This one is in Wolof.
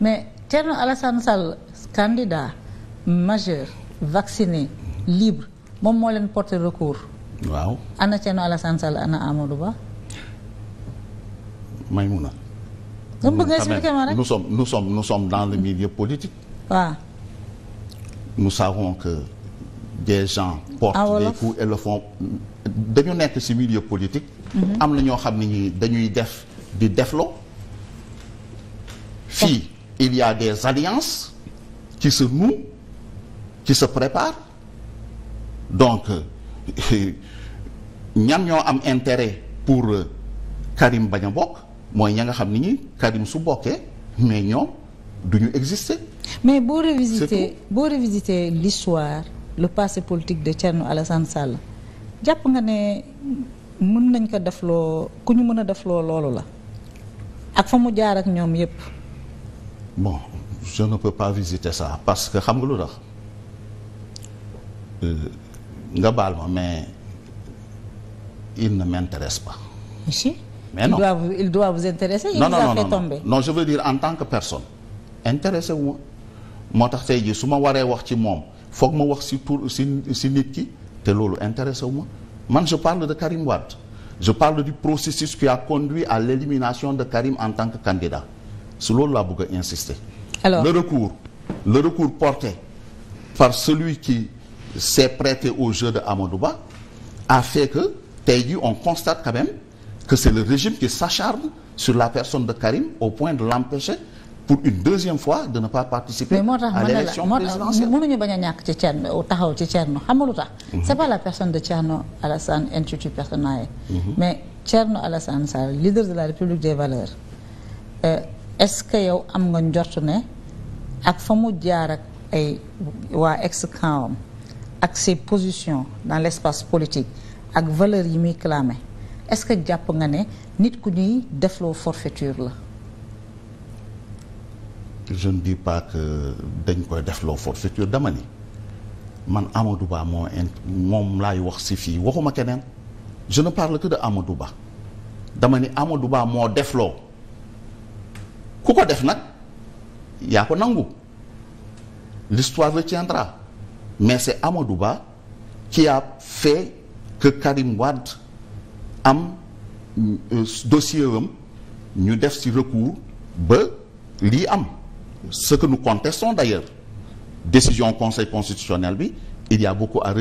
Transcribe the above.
mais Thierno Alassane Sall candidat majeur vacciné libre moom moo leen porter recours. waaw ana Thierno Alassane Sall ana Amadou Ba. Maïmouna. dama bëgg nga expliquer ma rek nous sommes nous sommes nous sommes dans le milieu politique. waaw. nous savons que des gens. portent dañu nekk ci milieu politique. Mhm. am na ñoo xam ne ñi dañuy def di defloo. fii il y a des alliances ci se nouent qui se préparent donc ñan ñoo am intéret pour euh, Karim bañ a bokk mooy ña nga xam ni ñi Karim su bokkee mais ñoom du ñu exister. mais boo révisiter boo révisiter l'histoire le passé politique de Thierno Alassane Sall jàpp nga ne mën nañ ko def loo ku ñu mën a def loo loolu la ak fa mu jaar ak ñoom yépp bon je ne peux pas visiter ça parce que xam nga lu tax euh, nga baal ma mais il ne m'intéresse pas. mais non il doit vous il doit vous intéresser. il non, vous non, tomber non je veux dire en tant que personne. intéressé wu moo tax tey jii su ma waree wax ci moom foog ma wax si pour si si nit ki te loolu intéressé wu man je parle de Karim Wade je parle du processus qui a conduit à l'élimination de Karim en tant que candidat. si loolu laa bëgg a insister. alors le recours le recours porté par celui qui s'est prêté au jeu de Amadou Ba a fait que tey jii on constate quand même que c'est le régime qui s'acharne sur la personne de Karim au point de l'empêcher pour une deuxième fois de ne pas participer à l'élection présidentielle mais moo tax mënuñu bañ a ñàkk ci Thierno taxaw ci Thierno xam nga lu tax. Mhm. c'est personne de Thierno Alassane intitut personnel. Mhm. mais Thierno Alassane Sall leader de la République des valeurs. Euh, est-ce que yow am nga njort ne ak fa mu jaar ak ay waa ex camp ak ses positions dans l'espace politique ak valeur yi muy clamé est-ce que jàpp nga ne nit ku ñuy defloo forfaiture la jeune ne dis dañ koy defloo forfaiture dama ni man Amadou Ba moo moom laay wax si fii waxuma keneen je ne parle que de Amadou Ba dama ni Amadou Ba moo defloo ku ko def nag yaa ko nangu l'histoire retiendra mais c'est Amadou Ba qui a fait que Karim Wade am euh, dossier am ñu def ci recours ba lii am ce que nous contestons d'ailleurs décision conseil constitutionnel bi il y a beaucoup à